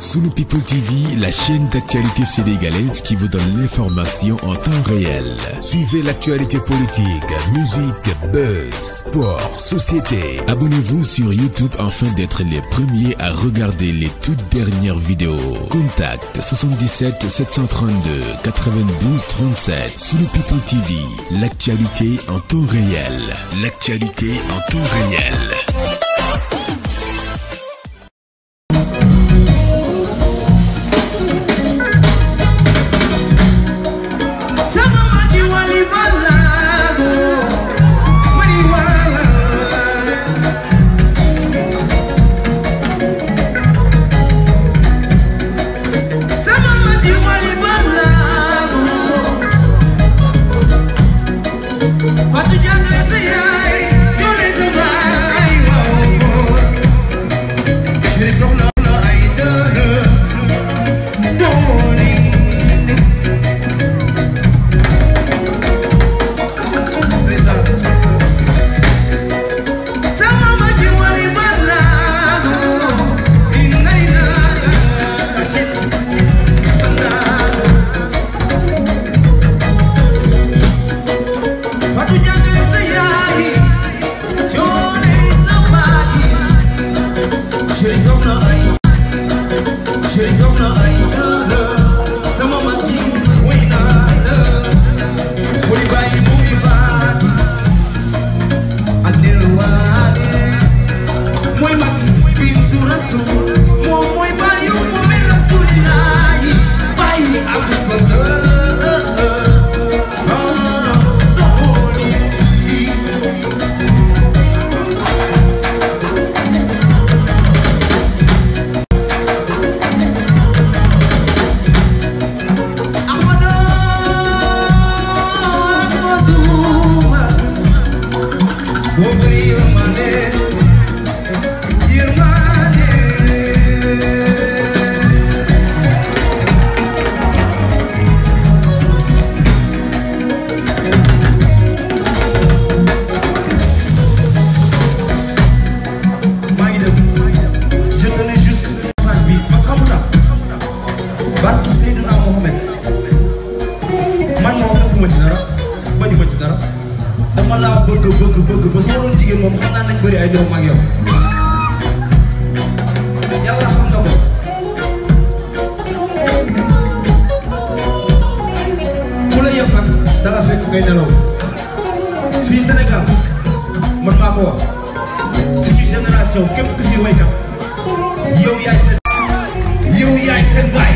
Sunu People TV, la chaîne d'actualité sénégalaise qui vous donne l'information en temps réel. Suivez l'actualité politique, musique, buzz, sport, société. Abonnez-vous sur YouTube afin d'être les premiers à regarder les toutes dernières vidéos. Contact 77 732 92 37. Sunu People TV, l'actualité en temps réel. L'actualité en temps réel. dama laa ku la yëpp nag dala fekk ngay nelaw fii Sénégal man maa ko wax suñu génération képp ku fi waykat yow yaay seen yow yaay seen waay